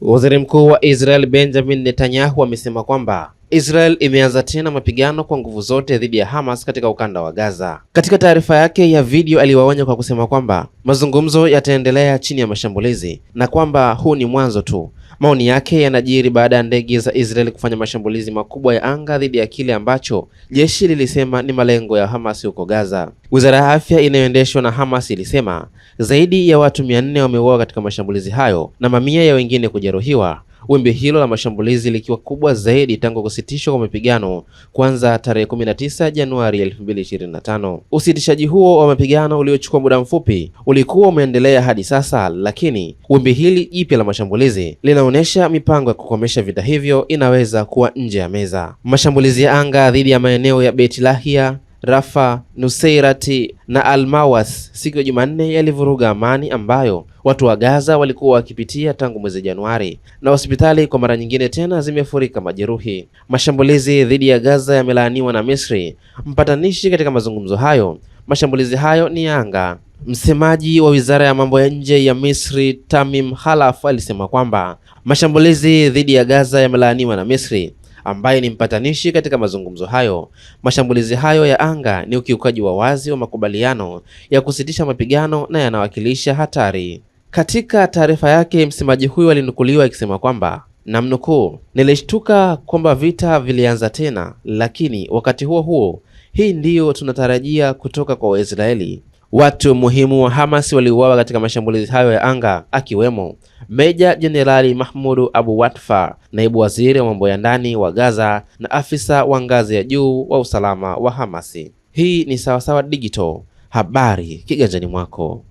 Waziri Mkuu wa Israel Benjamin Netanyahu amesema kwamba Israel imeanza tena mapigano kwa nguvu zote dhidi ya Hamas katika ukanda wa Gaza. Katika taarifa yake ya video, aliwaonya kwa kusema kwamba mazungumzo yataendelea chini ya mashambulizi na kwamba huu ni mwanzo tu. Maoni yake yanajiri baada ya ndege za Israel kufanya mashambulizi makubwa ya anga dhidi ya kile ambacho jeshi lilisema ni malengo ya Hamas huko Gaza. Wizara ya afya inayoendeshwa na Hamas ilisema zaidi ya watu 400 wameuawa katika mashambulizi hayo na mamia ya wengine kujeruhiwa wimbi hilo la mashambulizi likiwa kubwa zaidi tangu kusitishwa kwa mapigano kwanza tarehe 19 Januari 2025. Usitishaji huo wa mapigano uliochukua muda mfupi ulikuwa umeendelea hadi sasa, lakini wimbi hili jipya la mashambulizi linaonyesha mipango ya kukomesha vita hivyo inaweza kuwa nje ya meza. Mashambulizi ya anga dhidi ya maeneo ya Beit Lahia Rafa, Nuseirati na Almawas siku ya Jumanne yalivuruga amani ambayo watu wa Gaza walikuwa wakipitia tangu mwezi Januari, na hospitali kwa mara nyingine tena zimefurika majeruhi. Mashambulizi dhidi ya Gaza yamelaaniwa na Misri, mpatanishi katika mazungumzo hayo. Mashambulizi hayo ni anga. Msemaji wa Wizara ya Mambo ya Nje ya Misri, Tamim Khalaf, alisema kwamba mashambulizi dhidi ya Gaza yamelaaniwa na Misri ambaye ni mpatanishi katika mazungumzo hayo, mashambulizi hayo ya anga ni ukiukaji wa wazi wa makubaliano ya kusitisha mapigano na yanawakilisha hatari. Katika taarifa yake, msemaji huyo alinukuliwa ikisema kwamba namnukuu, nilishtuka kwamba vita vilianza tena, lakini wakati huo huo hii ndiyo tunatarajia kutoka kwa Waisraeli Watu muhimu wa Hamas waliuawa katika mashambulizi hayo ya anga, akiwemo Meja Jenerali Mahmudu Abu Watfa, naibu waziri wa mambo ya ndani wa Gaza na afisa wa ngazi ya juu wa usalama wa Hamasi. Hii ni Sawasawa Digital, habari kiganjani mwako.